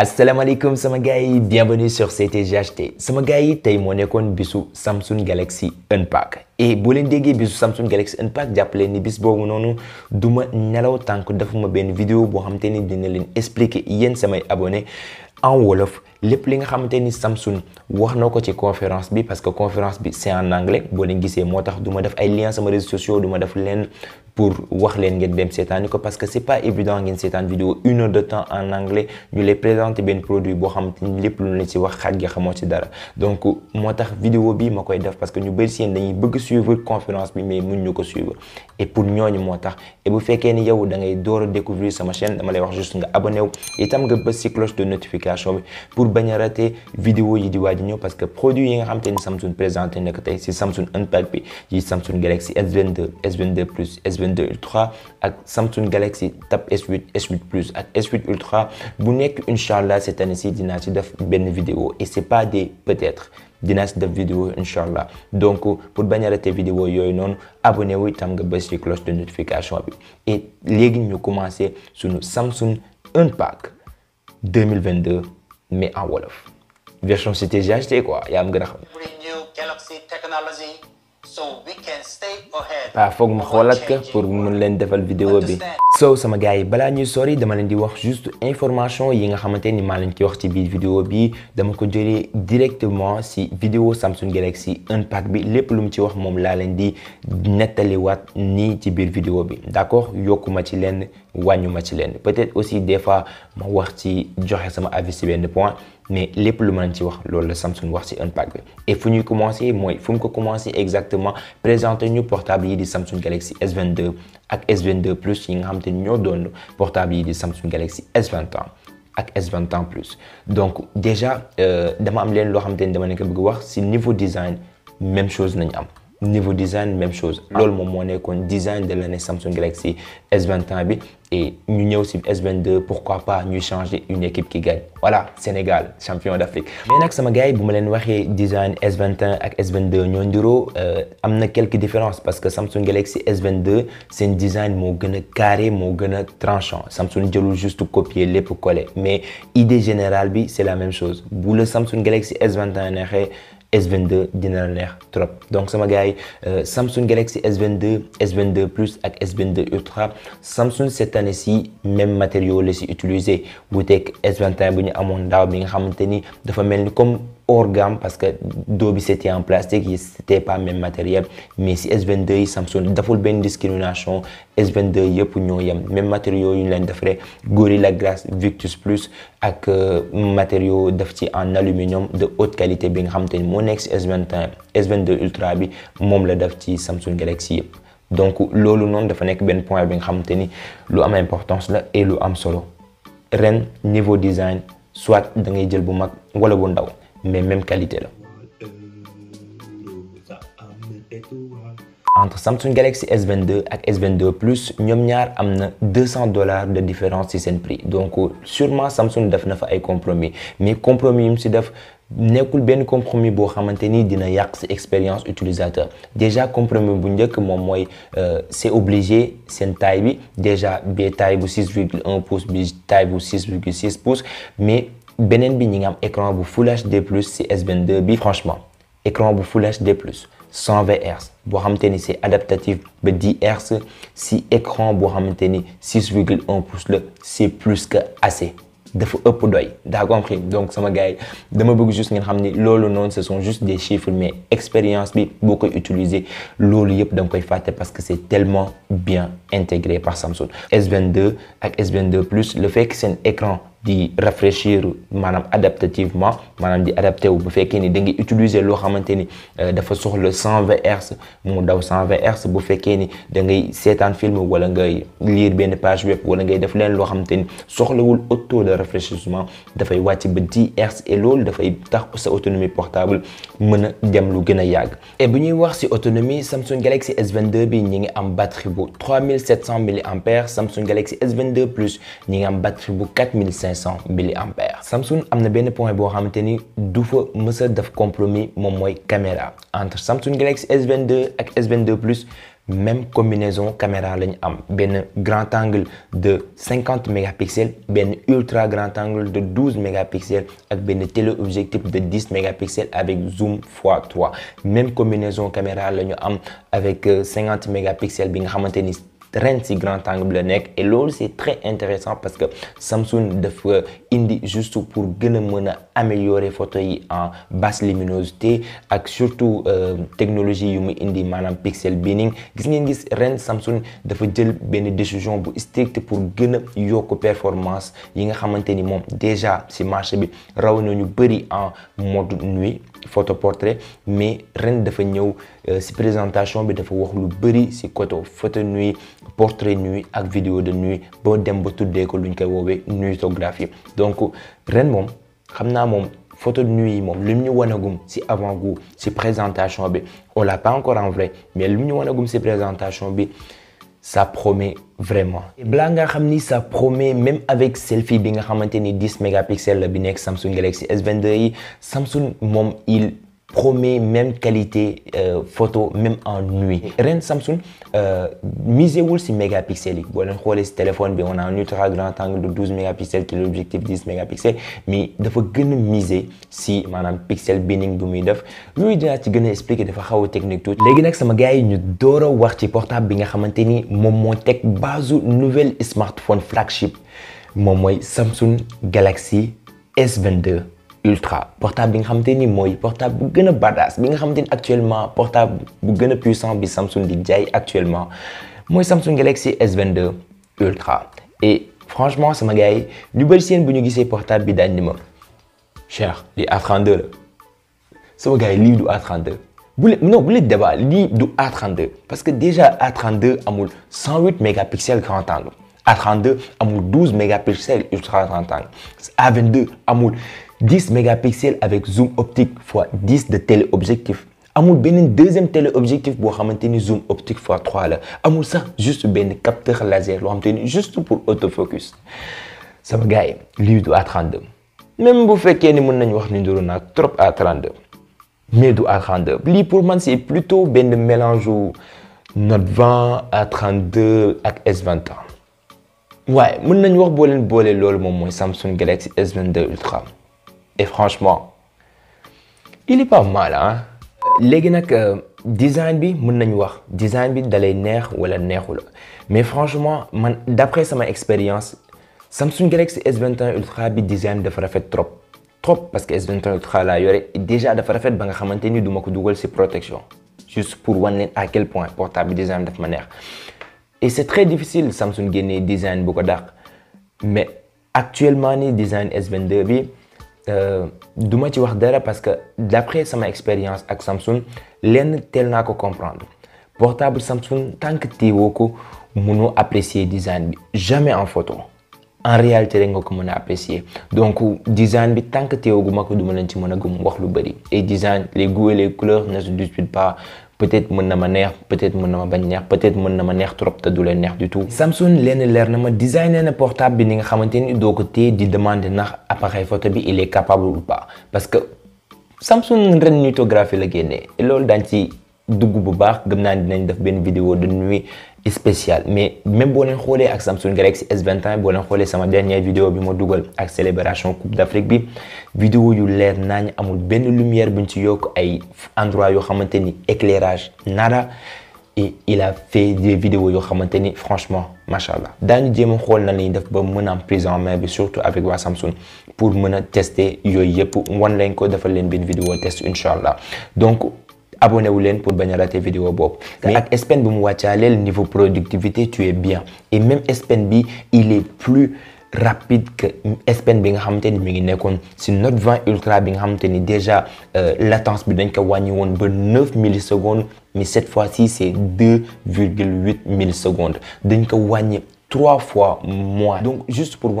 Assalamu alaikum samagai, bienvenue sur CTGHT. Samagai, tay mo kon bisu Samsung Galaxy Unpack. Et bu leen déggee bisu Samsung Galaxy Unpack jàppale ni bis boobu noonu duma nelaw tànk defuma benn vidéo boo xam te ni dina leen expliquer samay abonné en wolof lepp li nga xamanteni ni Samsung waxnako ci conférence bi parce que conférence bi c'est en anglais bo leen gisee moo tax ma def ay liens sama réseaux sociaux duma ma def len pour wax len ngeen dem sétane ko parce que c'est pas évident ngeen sétane vidéo une heure de temps en anglais ñu les présenter bien produit bo xamanteni lepp lu leen ci wax xaaj gi xamoo ci dara donc motax vidéo bi ma def parce que ñu bëri seen dañuy bëgg suivre conférence bi mais mun ñuko suivre et pour ñooñu motax et bu fekké ni yow da ngay door découvrir sama chaîne dama lay wax juste nga abonné wu itam nga ba cloche de notification bi pour bañ raté vidéo yi di waaj ñëw parce que produit yi nga xam Samsung présenté na tay ci Samsung Unpacked bi Samsung Galaxy S22 S22 plus S22 Ultra ak Samsung Galaxy Tab S8 S8 plus S8 Ultra bu nekk incha cette année ci dina ci def ben vidéo et c'est pas des peut-être dina ci def vidéo donc pour bañ a rater vidéo yoy non abonné wu tam nga la ci cloche de notification bi et légui ñu sur le Samsung Unpacked 2022 mais en wolof version cité j'ai acheté quoi y a gën a xam. waaw fogg ma xoolaat ka pour mën len defal vidéo bi. so sama gars yi balaa ñuy sori dama len di wax juste information yi nga xamanteni ni len ci wax ci bi vidéo bi dama ko jëlé directement si vidéo Samsung Galaxy Unpack bi lepp lu mu ci wax mom la len di nettaliwaat ni ci biir vidéo bi d'accord yokuma ci len wàññu ma ci peut-être aussi des fois ma wax ci joxe sama avis ci benn point mais lépp lu mën ci wax loolu la Samsung wax ci Unpacked bi et fu ñuy commencer mooy fu mu ko commencer exactement présenter ñu portable yi Samsung Galaxy S22 ak S22 plus yi nga xam te ñoo portable Samsung Galaxy s 20 ak s 20 plus donc déjà euh, dama am leen loo xam te dama nekk wax niveau design même chose nañ am niveau design même chose lol mon le design de l'année Samsung Galaxy S21 bi et ñu aussi S22 pourquoi pas changer une équipe qui gagne voilà Sénégal champion d'Afrique mais sama gars design S21 et S22 il y a quelques différences parce que Samsung Galaxy S22 c'est un design carré tranchant Samsung jëlul juste copier pour coller mais idée générale bi c'est la même chose Vous le Samsung Galaxy S21 r S22 dina la trop donc sama gars euh, Samsung Galaxy S22 S22 plus ak S22 Ultra Samsung cette année ci même matériaux les utiliser utilisé avec S21 bu amone daw daaw bi nga xamante dafa melni comme hors gamme parce que Dolby c'était en plastique, c'était pas même matériel. Mais si S22 Samsung deful benn discrimination S22 est ñoo yem même matériaux yu ñu leen Gorilla Glass Victus Plus ak euh, matériaux dafti en aluminium de haute qualité bi nga xam S21 S22 Ultra bi moom la Samsung Galaxy donc ce noonu dafa nekk benn point bi nga xam te lu am importance et lu am solo ren niveau design soit dans ngay jël bu mag wala bu mais même qualité entre Samsung Galaxy S22 et S22 Plus avons 200 dollars de différence ci le prix donc sûrement Samsung def na un compromis mais compromis yi ci compromis pour maintenir une expérience utilisateur déjà compromis bu que mon euh, c'est obligé un taille déjà bi taille de 6,1 pouces bi taille de 6,6 pouces mais benen bi ñi ngi am écran bu Full HD plus si S22 bi franchement écran bu Full HD 120 Hz, c'est adaptatif ba 10 Hz. si écran est 6,1 pouces le c'est plus que assez dafa ëpp doy daa compris donc sama gars dama bëgg juste ngeen xamni loolu ce sont juste des chiffres mais expérience bi beaucoup koy utiliser loolu yëpp da koy fàtte parce que c'est tellement bien intégré par Samsung S22 ak S22 le fait que c'est un écran di rafraîchir manam adaptativement manam di adapté bu fekké ni da ngay utiliser lo xamante euh, dafa soxla 120 Hz hertz mu daw 120 Hz bu fekké ni da ngay sétane film wala ngay lire ben page web wala ngay def len lo xamante soxlawul auto de rafraîchissement fay wàcc ba 10 Hz et da fay tax sa autonomie portable meuna dem lu gëna yag et bu ñuy wax ci autonomie Samsung Galaxy S22 bi ñi ngi am batterie bu 3700 mAh, Samsung Galaxy S22 plus ñi ngi am batterie bu quatre Samsung a point compromis mon caméra entre Samsung Galaxy S22 et S22 Plus même combinaison caméra am grand angle de 50 mégapixels benn ultra grand angle de 12 mégapixels ak un téléobjectif de 10 mégapixels avec zoom x3 même combinaison caméra avec 50 euh, mégapixels bi 36 grand angle la neck et loolu c'est très intéressant parce que Samsung dafa indi juste pour gëna mëna améliorer photo yi en basse luminosité ak surtout euh, technologie yu indi manam pixel binning gis ngeen gis ren Samsung dafa jël benn décision bu strict pour gëna a performance yi nga xamanteni mom déjà ci marché bi raw ñu bëri en mode nuit photo portrait mais ren dafa ñëw ci euh, présentation bi dafa wax lu c'est quoi ton photo nuit portrait nuit ak vidéo de nuit bo dem ba tuddee ko luñ koy woowee nuitographie donc ren mom xamna mom photo nuit mom lim à ñu wanagum si avant goût c'est présentation bi on l'a pas encore en vrai mais à ñu wanagum c'est présentation bi ça promet vraiment Et blanc ça promet même avec selfie bi nga 10 mégapixels la Samsung Galaxy S22 Samsung mom il promet même qualité euh, photo même en nuit ren Samsung misé sur si mégapixels Si boo téléphone ben, on a un ultra grand angle de 12 mégapixels qui l'objectif 10 mégapixels mais dafa faut a miser si un pixel binning bu muy def yooyu dinaa ci gën a vous dafa xaw technique tout. léegi sama gars yi ñu door wax ci portable bi nga xamante ni moom moo smartphone base nouvelle smartphone flagship mon Samsung Galaxy S22 ultra portable bi nga xamante portable bu gëna badass bi nga actuellement portable bu plus puissant bi Samsung di jay actuellement moy Samsung Galaxy S22 ultra et franchement sama gars yi ñu seen bu ñu portable bi cher li A32 C'est sama gars li de A32 bu non bu leen débat li A32 parce que déjà A32 a 108 mégapixels grand angle A32 a 12 mégapixels ultra grand angle A22 amul. 10 mégapixels avec zoom optique x 10 de téléobjectif amul un deuxième téléobjectif pour maintenir zoom optique x 3 la amul ça juste un capteur laser loo xamante juste pour autofocus sama gars yi lii A32 même si fekkee ni mën nañu wax ni nduru trop A32 mais du A32 pour moi, c'est plutôt de mélange u Note 20 à 32 avec s 20 Ouais, mën nañu wax boo leen Samsung Galaxy S22 Ultra et franchement il est pas mal hein. léegi nag euh, design bi mën nañ wax design bi dalay neex wala les mais franchement man d'après sama expérience Samsung Galaxy S21 Ultra bi design dafa rafet trop trop parce que S21 Ultra laa déjà dafa rafet ba nga xamante ni du ma ko dugal ci protection juste pour wan à quel point portable design daf ma et c'est très difficile Samsung un design bu ko mais actuellement ni design S22 bi. Euh, duma ci wax dara parce que d'après ma expérience avec Samsung lenn tel naa pas comprendre portable Samsung tant que téewoo ko mënoo apprécier design jamais en photo en réalité tu nga ko mën apprécier donc design tant que tu es, ma ko du pas leen ci mën a wax lu et design les goûts et les couleurs ne se disputent pas peut-être mën na ma neex peut-être mën na ma neex na ma neex trop te du leen neex du tout Samsung lenn leer na ma designé neen portable bi ni nga xamante ni doo ko téye di demander ndax appareil photo bi il est capable ou pas parce que Samsung ren nuitographie la génnee loolu daañ ci dugg bu baax gëm naa ni dinañ def benn vidéo de nuit spécial mais même bolen leen ak Samsung Galaxy S21 bolen leen sama dernière vidéo bi mo dougal ak célébration Coupe d'Afrique bi vidéo yu leer nañ amul ben lumière buñ ci yok ay endroit yo xamanteni éclairage nada et il a fait des vidéos yo xamanteni franchement machallah allah daañu jéem a def ba mën a am en bi surtout avec wa Samsung pour mën tester yooyu yëpp wan lañ ko defal len ben vidéo test incha donc Abonnez-vous pour pour pas a rater vidéo bob. mais Avec SPN bu niveau productivité tu es bien et même espen il est plus rapide que espen bi nga si Note 20 Ultra bi nga déjà euh, latence bi dañ ko ba 9 millisecondes mais cette fois-ci c'est 2,8 millisecondes dañ ko wañi trois fois moins donc juste pour vous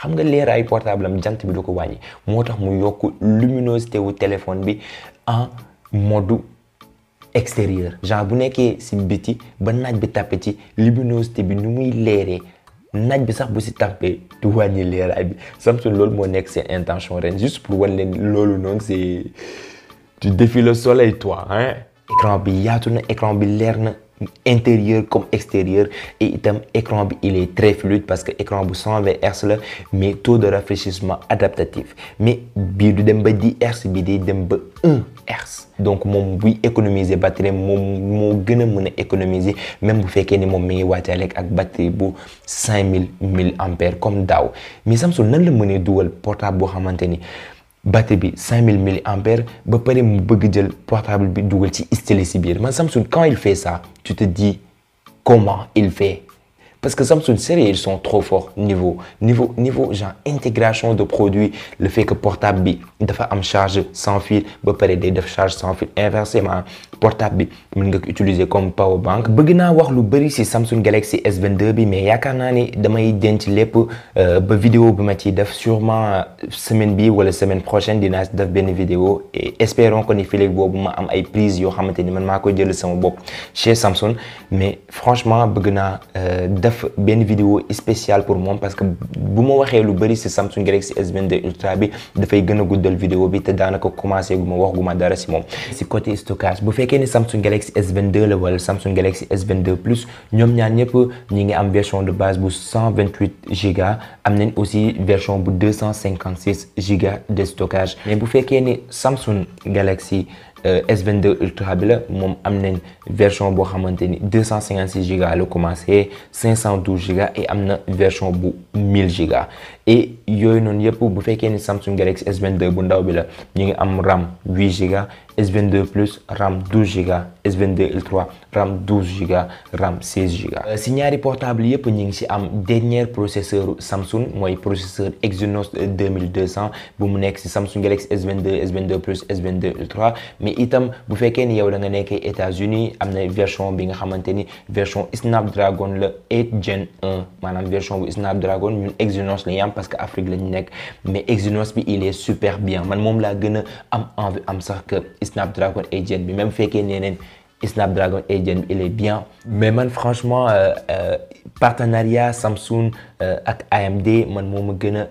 xam nga ay portable am jant bi du ko wàññi moo tax mu yokk luminosité wu téléphone bi en mode extérieur genre bu nekkee si biti ba naaj bi tapé ci luminosité bi nu muy leeree naaj bi sax bu si tàppee du wàññi leeraay bi Samsung loolu moo nekk seen intention ren juste pour wan leen loolu noonu c'est tu défies le soleil toi hein écran bi yaatu na écran bi leer na intérieur comme extérieur et l'écran écran il est très fluide parce que écran 120 Hz mais mais taux de rafraîchissement adaptatif mais bii du dem 10 Hz bi 1 Hz donc je vais économiser batterie moom moo économiser même si je ni économiser mi batterie bu 5000 mAh comme daw mais Samsung nan la mënee dugal portable bo xamanteni batterie 5000 mAh ba pare mu bëgg portable bi dugal ci stélé Mais man Samsung quand il fait ça tu te dis comment il fait parce que Samsung Série, ils sont trop forts niveau niveau niveau genre intégration de produits le fait que portable bi faire am charge sans fil ba faire des charges charge sans fil inversement portable bi utiliser comme power bank bëgg naa wax lu si Samsung Galaxy S22 bi mais il y ni damay denc lépp euh, ba vidéo bi ma ciy def sûrement euh, semaine bi la semaine prochaine dinaa def de vidéo et espérons que ni fait les ma am ay prises yoo xamante ni man maa jël sama chez Samsung mais franchement bëgg naa euh, bien une vidéo spéciale pour moi parce que bu je waxee lu bëri le Samsung Galaxy S22 Ultra bi dafay gën vous guddal vidéo bi te daanaka commencé gu C'est wax gu dara côté stockage bu vous le Samsung Galaxy S22 ou Samsung Galaxy S22 plus ñoom ñaar ñëpp version de base de 128 giga am aussi version de 256 giga de stockage mais bu vous le Samsung Galaxy euh, S22 Ultra bi la version 256 Go, à commencé 512 Go et am version bu 1000 Go. et yoy non pour bu Samsung Galaxy S22 bu ndaw bi la RAM 8 Go S22 Plus RAM 12 Go S22 Ultra RAM 12 Go RAM 16 Go si signal portable yëpp ñu ngi si am dernier processeur Samsung le processeur Exynos 2200 bu mu nekk Samsung Galaxy S22 S22 Plus S22 Ultra mais itam bu des ni yow da nga États-Unis am version bi nga version Snapdragon le 8 Gen 1 une version Snapdragon ñun Exynos parce que Afrique la mais Exynos il est super bien man moom am am sax que Snapdragon 8 Gen même fait que Snapdragon 8 il est bien mais man franchement euh, euh, partenariat Samsung avec euh, AMD man moi ma gën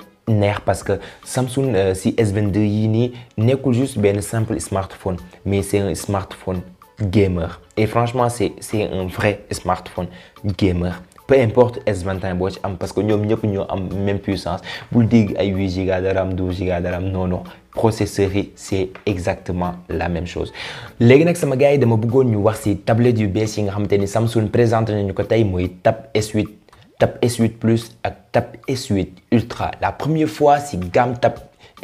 parce que Samsung si S22 n'est n'est juste un simple smartphone mais c'est un smartphone gamer et franchement c'est un vrai smartphone gamer peu importe S21 boo parce que nous avons la am même puissance pour dites ay 8 go de RAM 12 go de RAM non non Processeur, c'est exactement la même chose Les gars yi dama bëggoon ñu wax ci tablette du tablettes yi nga Samsung présente. une ko tey Tab S8 Tab S8 Plus ak Tab S8 Ultra la première fois c'est gamme Tab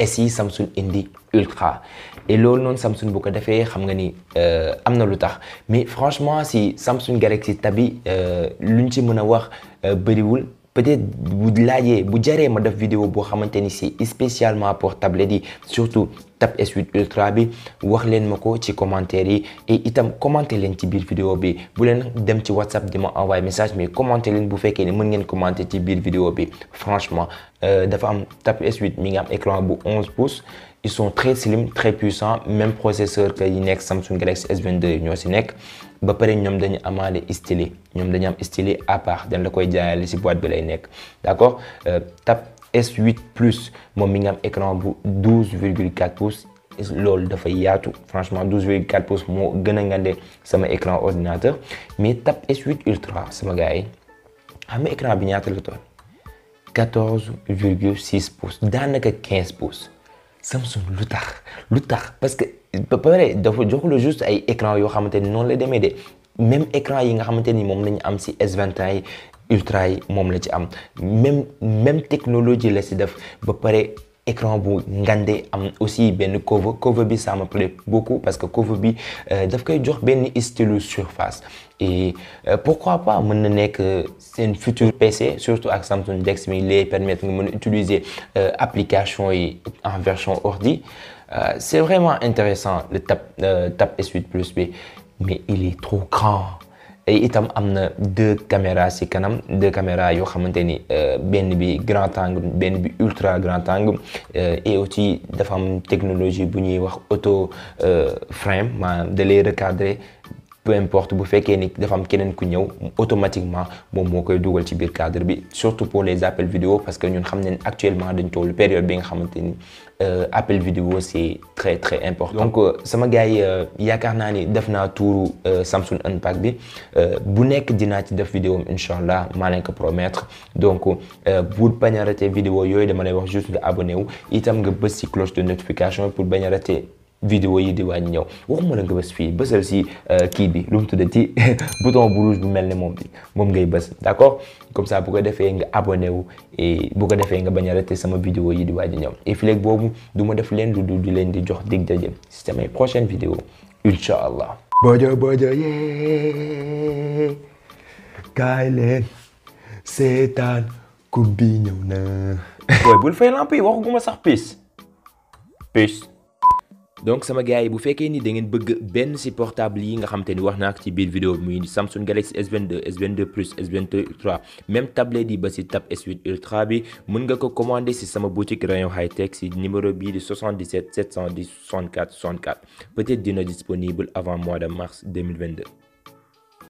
S Samsung Indy Ultra et loolu non Samsung bu ko defee xam nga ni euh amna lutax mais franchement si Samsung Galaxy Tabi, euh luñ ci mën wax euh, bëriwul. peut-être bu laajee bu jaré ma def vidéo bo xamanteni c'est spécialement pour tablette di surtout Tab S8 Ultra bi wax len mako ci commentaire yi et itam commenter len ci biir vidéo bi bu len dem ci WhatsApp di ma envoyer message mais commenter len bu fekkee ni mën ngeen commenter ci biir vidéo bi franchement euh, dafa am Tab S8 mi nga am écran bu 11 pouces ils sont très slim très puissants même processeur que yi Samsung Galaxy S22 ils si nekk ba pare ñoom dañu ils dañu à part dañ la koy boîte D'accord lay euh, S8 plus mon écran bu 12,4 pouces de dafa yaatu franchement 12,4 pouces moo gën a ngande sama écran ordinateur mais tap S8 Ultra sama gars yi xam écran bi ñaata la 14,6 pouces c'est 15 pouces. Samsung lutax lutax parce que ba pare dafa le juste ay écran yo xamanteni non noonu la demee de même écran yi nga xamanteni ni moom lañu am ci S21 ultra yi moom la ci am même même technologie la si def ba pare écran bu ngandé am aussi ben cover cover bi ça me plaît beaucoup parce que cover bi euh, daf koy jox ben stylu surface et euh, pourquoi pas mën que c'est une futur PC surtout avec Samsung Dex mais il permettre d'utiliser l'application euh, application et en version ordi euh, c'est vraiment intéressant le tap S8 Plus b mais il est trop grand et il y deux caméras deux caméras yo xamante ni grand angle benn ultra grand angle et aussi dafa am technologie bu auto frame de les recadrer peu importe bu fekké ni dafa am keneen ku ñëw automatiquement moom moo koy dugal ci biir cadre bi surtout pour les appels vidéo parce que ñun xam nañ actuellement dañ tollu période bi nga xamante ni euh, appel vidéo c'est très très important. donc euh, sama gars yi euh, yaakaar naa ni def naa tuuru Samsung Unpack bi bu nekk dinaa ci def vidéo am incha allah maa leen ko promettre donc pour bañ a rater vidéo yooyu dama lay wax juste nga abonné wu itam nga bës ci cloche de notification pour bañ a rater vidéo yi di wàññi ñëw waxuma la nga bës fii bësal si euh, kii bi lu mu tuddati bouton bu rouge bu mel ne moom bi moom ngay bës d'accord comme ça bu ko defee nga abonné wu et bu ko defee nga bañ a raté sama vidéo yi di wàññi ñëw et fileeg boobu du ma def leen lu dul di leen di jox dig daje si samay prochaine vidéo incha allah. bojo bojo yee kaay leen seetaan coupe na. booy bul fay lamp yi sax peace peace. donc sama gars bu fekkee ni da ngeen bëgg benn si portable yi nga xam ni wax naa ko ci biir vidéo bi muy Samsung Galaxy S22 plus S22 Ultra même yi ba si Tab s Ultra bi mën nga ko commander si sama boutique rayon high tech si numéro bii di 77 710 64 64 peut-être dina disponible avant mois de mars